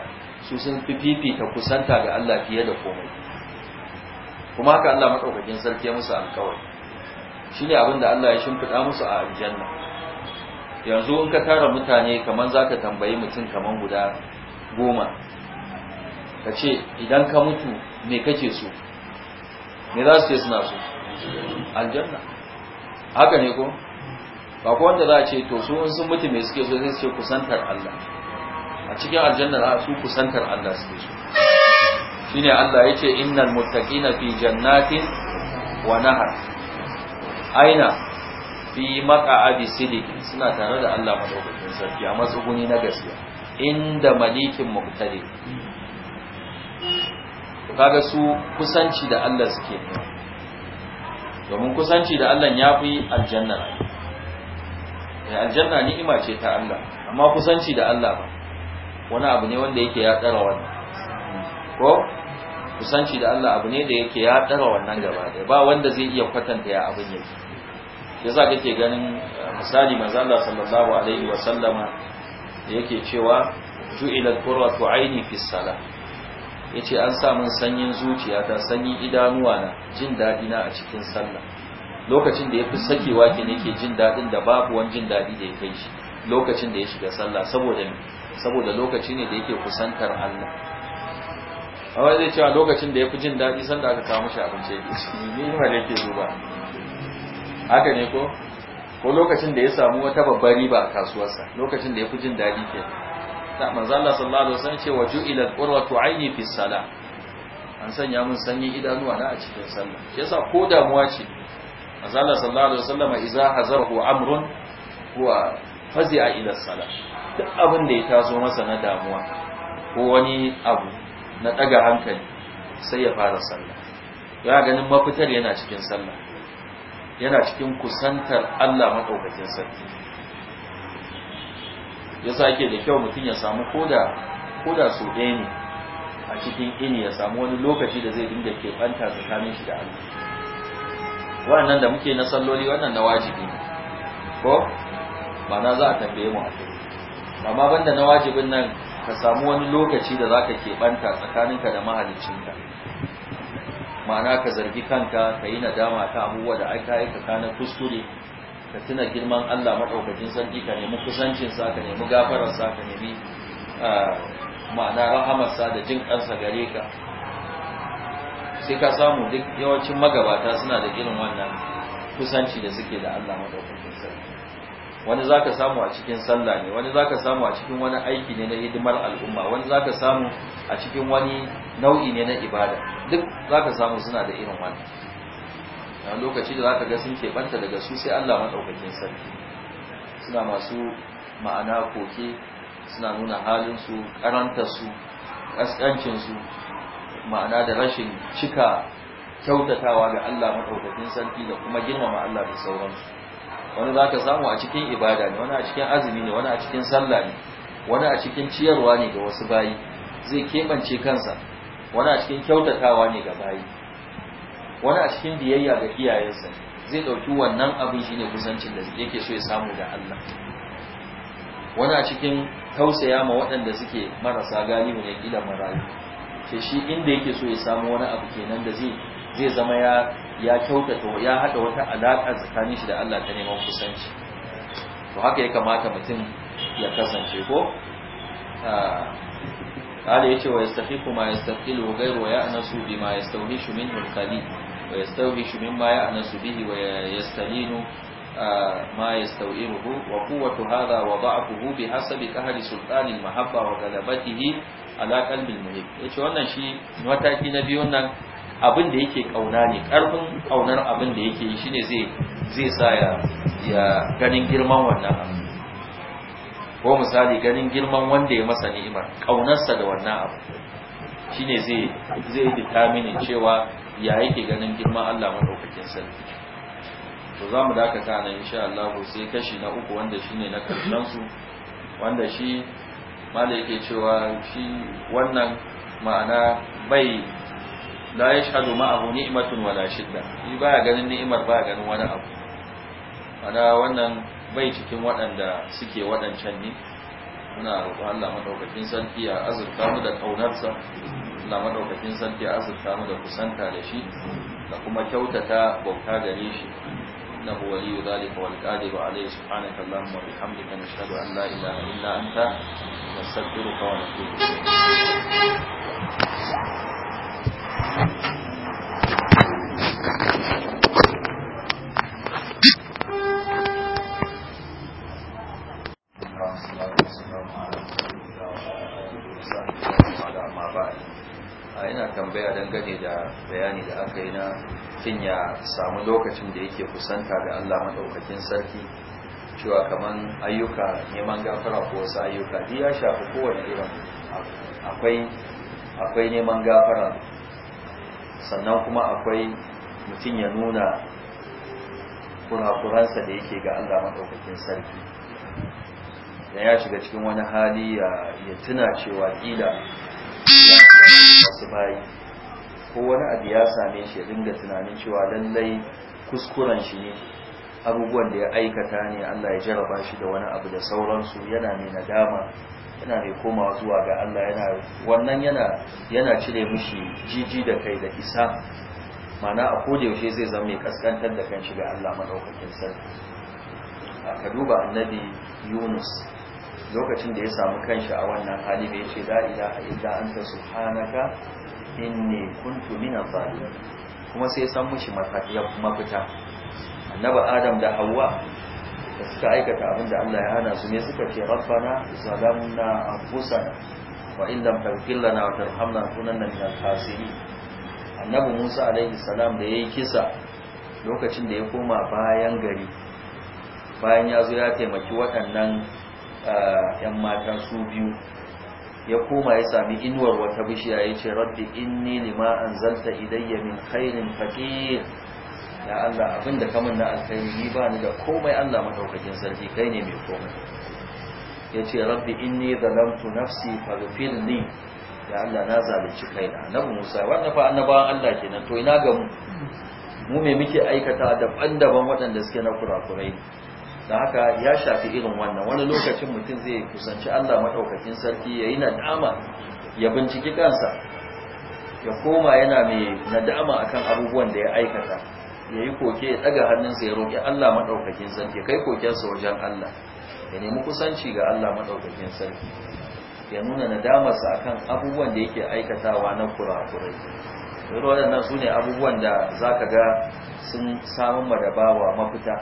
su sun fi fifita kusanta ga Allah fiye da komai kuma haka Allah maɗaukakin sarki ya musu alƙawari Shi abin da Allah ya shimfiɗa musu a aljanna yanzu in ka tara mutane kaman ka tambayi mutum kaman guda goma ka ce idan ka mutu me kake so me za su ce suna so aljanna haka ne ko ba ko wanda za a ce to su in sun mutu me suke so sai su ce kusantar Allah a cikin aljanna za su kusantar Allah suke so shine Allah yace innal muttaqina fi jannatin wa nahar aina fi maq'adi sidiq suna tare da Allah madaukakin sarki a matsuguni na gaskiya inda malikin muqtadir kaga su kusanci da Allah suke domin kusanci da Allah ya fi aljanna ne eh, aljanna ni'ima ce ta Allah amma kusanci da Allah ba wani abu ne wanda yake ya tsara wannan ko kusanci da Allah abu ne da yake ya ɗara wannan gaba da ba wanda zai iya kwatanta ya abin yake yasa kake ganin eh, misali mazala sallallahu alaihi wa sallama yake cewa ju'ilat qurratu aini fi ya yace an sa min sanyin zuciya da sanyi idanuwa na jin dadi na a cikin sallah lokacin da yafi sakewa ke nake jin daɗin da babu wani jin dadi da ya kai shi lokacin da ya shiga sallah saboda saboda lokaci ne da yake kusantar Allah amma zai cewa lokacin da ya fi jin daɗi sanda aka samu shi abinci ya ne ni ma da yake zuba haka ne ko ko lokacin da ya samu wata babbar riba a kasuwarsa lokacin da ya fi jin daɗi ke ta manzo Allah sallallahu alaihi wasallam ce waju ila qurratu ayni fi salah an sanya mun sanyin idanuwa na a cikin sallah shi yasa ko damuwa ce manzo Allah sallallahu alaihi wasallam idza hazahu amrun huwa fazi'a ila salah duk abin da ya taso masa na damuwa ko wani abu na ɗaga hankali sai ya fara sallah ya ganin mafitar yana cikin sallah yana cikin kusantar Allah maɗaukakin sarki ya sake da kyau mutum ya samu koda koda su ɗaya ne a cikin ini ya samu wani lokaci da zai dinga keɓanta tsakanin shi da Allah wannan da muke na salloli wannan na wajibi ne ko ba na za a tambaye mu a amma banda na wajibin nan ka samu wani lokaci da za ka keɓanta tsakaninka da mahaliccinka ma'ana ka zargi kanka ka yi nadama ta abubuwa da aka yi ka na kuskure ka tuna girman Allah maɗaukakin sarki ka nemi kusancinsa ka nemi gafararsa ka nemi ma'ana rahamarsa da jin kansa gare ka sai ka samu duk yawancin magabata suna da irin wannan kusanci da suke da Allah maɗaukakin sarki wani zaka samu a cikin sallah ne wani zaka samu a cikin wani aiki ne na hidimar al'umma wani zaka samu a cikin wani nau'i ne na ibada duk zaka samu suna da irin wani. a lokaci da zaka ga sun keɓanta daga su sai Allah madaukakin sarki suna masu ma'ana koke suna nuna halin su, halinsu karantarsu ƙasƙancinsu ma'ana da rashin cika kyautatawa ga Allah maɗaukakin sarki da kuma girmama Allah da sauransu wani za ka samu a cikin ibada ne wani a cikin azumi ne wani a cikin sallah ne wani a cikin ciyarwa ne ga wasu bayi zai keɓance kansa wani a cikin kyautatawa ne ga bayi wani a cikin biyayya ga iyayensa zai ɗauki wannan abin shine kusancin da yake so ya samu da Allah wani a cikin tausaya ma waɗanda suke marasa galihu ne gidan marayu shi inda yake so ya samu wani abu kenan da zai zai zama ya ya kyautata ya hada wata alaƙa tsakanin shi da Allah ta neman kusanci to haka ya kamata mutum ya kasance ko a ah, da yace wa yastahiqu ma yastahilu wa ghayru ya anasu bima yastawhishu minhu al-qalib wa yastawhishu mimma ya anasu bihi wa yastalinu ah, ma yastawiruhu wa quwwatu hadha wa da'fuhu bihasabi kahli sultani al-mahabba wa ghalabatihi ala qalbi al-muhib yace wannan shi mataki na biyu nan abin da yake kauna ne karfin kaunar abin da yake yi shine zai zai sa ya ganin girman wannan abu ko misali ganin girman wanda ya masa ni'imar kaunarsa da wannan abu shine zai zai determine cewa ya yake ganin girman Allah madaukakin sarki to zamu dakata nan insha Allah sai kashi na uku wanda shine na karshen wanda shi mala yake cewa shi wannan ma'ana bai la yashhadu ma'ahu ni'matun wala shidda shi baya ganin ni'imar baya ganin wani abu ana wannan bai cikin waɗanda suke waɗancan ne muna roƙo Allah madaukakin sarki ya azurta mu da kaunarsa Allah madaukakin sarki ya azurta mu da kusanta da shi da kuma kyautata bauta gare shi إنه ولي ذلك والقادر عليه سبحانك اللهم وبحمدك نشهد أن لا إله إلا أنت نستغفرك ونتوب إليك ina tambaya dangane da bayani da aka yi na kin ya samu lokacin da yake kusanta da Allah madaukakin sarki cewa kamar ayyuka neman gafara ko wasu ayyuka duk ya shafi kowane irin akwai neman gafara sannan kuma akwai mutum ya nuna kurakuransa da yake ga Allah maɗaukakin sarki da ya shiga cikin wani hali ya tuna cewa ƙila ya wasu bayi ko wani abu ya same shi ya dinga tunanin cewa lallai kuskuren shi ne abubuwan da ya aikata ne Allah ya jaraba shi da wani abu da sauransu yana mai nadama yana mai komawa zuwa ga Allah yana wannan yana yana cire mishi jiji da kai da isa mana a koda yaushe zai zama mai kaskantar da kanshi ga Allah madaukakin sarki ka duba annabi Yunus lokacin da ya samu kanshi a wannan hali da ya ce la ilaha illa anta subhanaka inni kuntu minaz zalimin kuma sai san mishi mafita annabi Adam da Hawwa da suka aikata abin da Allah ya hana su ne suka ce rabbana zalamna anfusana wa in lam taghfir lana wa tarhamna lanakunanna al khasirin annabi Musa alaihi salam da yayi kisa lokacin da ya koma bayan gari bayan ya zo ya taimaki waɗannan eh, ‘yan mata su biyu ya koma ya sami inuwar wata bishiya ya ce rabbi inni lima anzalta ilayya min khairin faqir ya Allah abinda ka na alkhairi ni ba ni da komai Allah madaukakin sarki kai ne mai komai yace rabbi inni zalamtu nafsi faghfir li ya Allah na zalunci kaina annabi Musa wannan fa annabawan Allah kenan to ina ga mu mu me muke aikata daban-daban waɗanda suke na kurakurai da haka ya shafi irin wannan wani lokacin mutum zai kusanci Allah madaukakin sarki yayi nadama ya binciki kansa ya koma yana mai nadama akan abubuwan da ya aikata ya yi koke ya ɗaga hannunsa ya roƙi Allah maɗaukakin sarki kai kokensa wajen Allah ya nemi kusanci ga Allah maɗaukakin sarki ya nuna nadamarsa akan abubuwan da yake aikatawa na kurakurai irin waɗannan su ne abubuwan da za ka ga sun samun ma da bawa mafita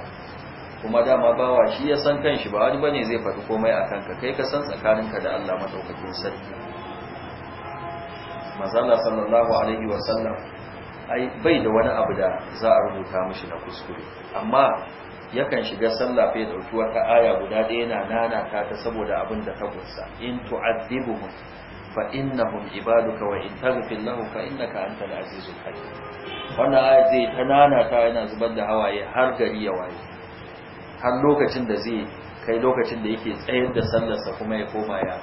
kuma dama bawa shi ya san shi ba wani bane zai faɗi komai a kanka kai ka san tsakaninka da Allah maɗaukakin sarki manzala sallallahu alaihi wasallam ai bai da wani abu da za a rubuta mishi na kuskure amma yakan shiga sallah fa ya dauki wata aya guda ɗaya na nana ta ta saboda abin da ta kunsa in mu fa innahum ibaduka wa in taghfir lahum fa innaka antal azizul hakim wannan aya zai ta nana ta yana zubar da hawaye har gari ya waye har lokacin da zai kai lokacin da yake tsayar da sallarsa kuma ya koma ya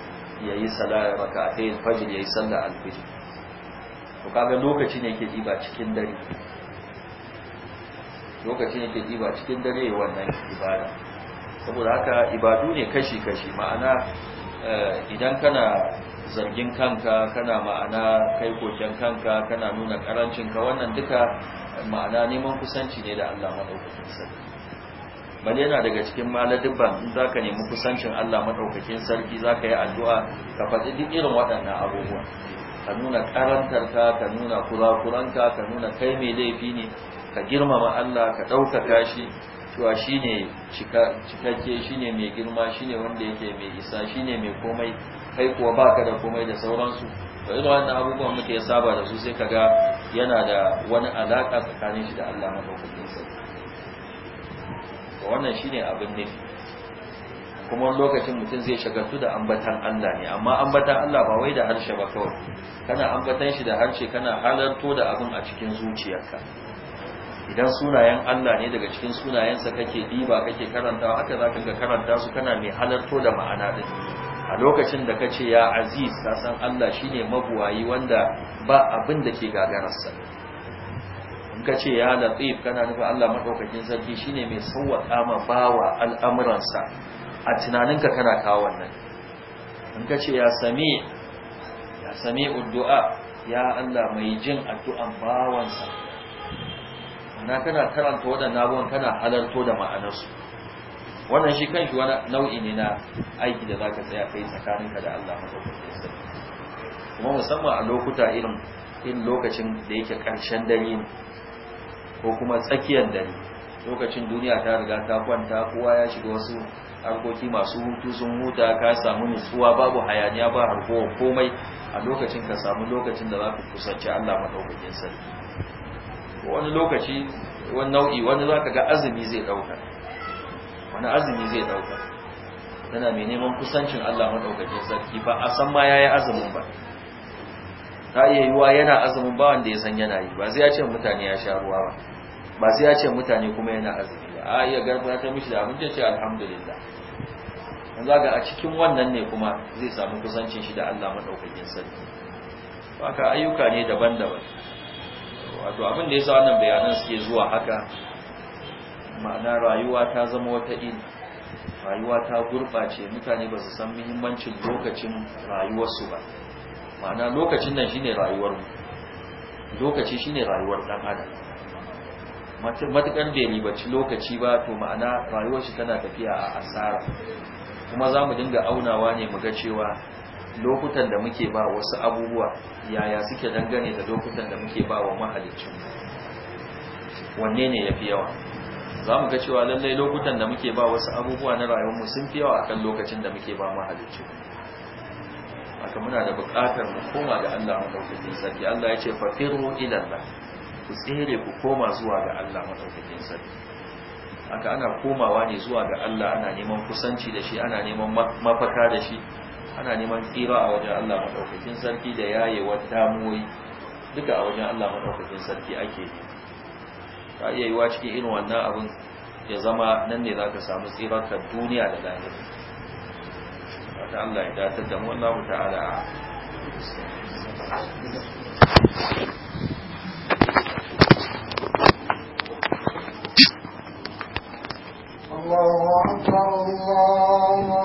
yayi salat raka'atayn fajr yayi sallar al-fajr to kaga lokaci ne yake jiba cikin dare lokaci ne yake jiba cikin dare wannan ibada saboda haka ibadu ne kashi kashi ma'ana eh, idan kana zargin kanka kana ma'ana kai koken kanka kana nuna karancin ka wannan duka ma'ana neman kusanci ne da Allah madaukakin sarki bal yana daga cikin maladibban in zaka nemi kusancin Allah madaukakin sarki zaka yi addu'a ka faɗi duk irin waɗannan abubuwa ka nuna karantarka ka nuna kurakuranka ka nuna kai mai laifi ne ka girmama Allah ka ɗaukaka shi cewa shi ne cikakke shi ne mai girma shi ne wanda yake mai isa shi ne mai komai kai kuwa ba ka da komai da sauransu ba irin wannan abubuwan muke saba da su sai kaga yana da wani alaƙa tsakanin shi da Allah madaukakin sa wannan shine abin nufi kuma lokacin mutum zai shagaltu da ambatan Allah ne amma ambatan Allah ba wai da harshe ba kawai kana ambatan shi da harshe kana halarto da abin a cikin zuciyarka idan sunayen Allah ne daga cikin sunayensa kake diba kake karanta haka za ka ga karanta su kana mai halarto da ma'ana din a lokacin da ka ce ya aziz ka san Allah shine mabuwayi wanda ba abin da ke gagararsa in ka ce ya latif kana nufin Allah madaukakin sarki shine mai sauwa ma bawa al'amuransa a tunaninka kana kawo wannan in ka ce ya sami ya sami uddu'a ya Allah mai jin addu'an bawansa na kana karanta waɗannan abubuwan kana halarto da ma'anarsu wannan shi kanki wani nau'i ne na aiki da zaka tsaya kai tsakaninka da Allah madaukakin sarki kuma musamman a lokuta irin in lokacin da yake ƙarshen dare ne ko kuma tsakiyar dare lokacin duniya ta riga ta kwanta kowa ya shiga wasu harkoki masu hutu sun huta ka samu nutsuwa babu hayaniya ba harkowar komai a lokacin ka samu lokacin da za ka kusanci Allah maɗaukakin sarki wani lokaci wani nau'i wani za ka ga azumi zai ɗauka wani azumi zai ɗauka yana mai neman kusancin Allah maɗaukakin sarki ba a san ma ya yi azumin ba ta iya yiwuwa yana azumin ba wanda ya san yana yi ba sai ya ce mutane ya sha ruwa ba ba sai ya ce mutane kuma yana azumi a iya garfata mishi da abin ce alhamdulillah yanzu ga a cikin wannan ne kuma zai samu kusancin shi da Allah maɗaukakin sarki haka ayyuka ne daban-daban wato abin da yasa wannan bayanan suke zuwa haka ma'ana rayuwa ta zama wata iri rayuwa ta gurbace mutane ba su san muhimmancin lokacin rayuwarsu ba ma'ana lokacin nan shine rayuwar lokaci shine rayuwar dan adam matukar bai ribaci lokaci ba to ma'ana rayuwar shi tana tafiya a asara kuma za mu dinga aunawa ne mu ga cewa lokutan da muke ba wasu abubuwa yaya suke dangane da lokutan da muke ba wa mahalicci wanne ne ya yawa za mu ga cewa lallai lokutan da muke ba wasu abubuwa na rayuwarmu sun fi yawa akan lokacin da muke ba mahalicci haka muna da buƙatar mu koma da Allah mu ɗaukakin sarki Allah ya ce fafiru ilallah ku tsere ku koma zuwa ga Allah mataukakin sarki haka ana komawa ne zuwa ga Allah ana neman kusanci da shi ana neman mafaka da shi ana neman tsira a wajen Allah mataukakin sarki da yayewar damuwoyi duka a wajen Allah mataukakin sarki ake ka iya yiwa cikin irin wannan abin ya zama nan ne zaka samu tsirar ka duniya da lahira wata Allah ya datar da mu Allah ta'ala a الله أكبر الله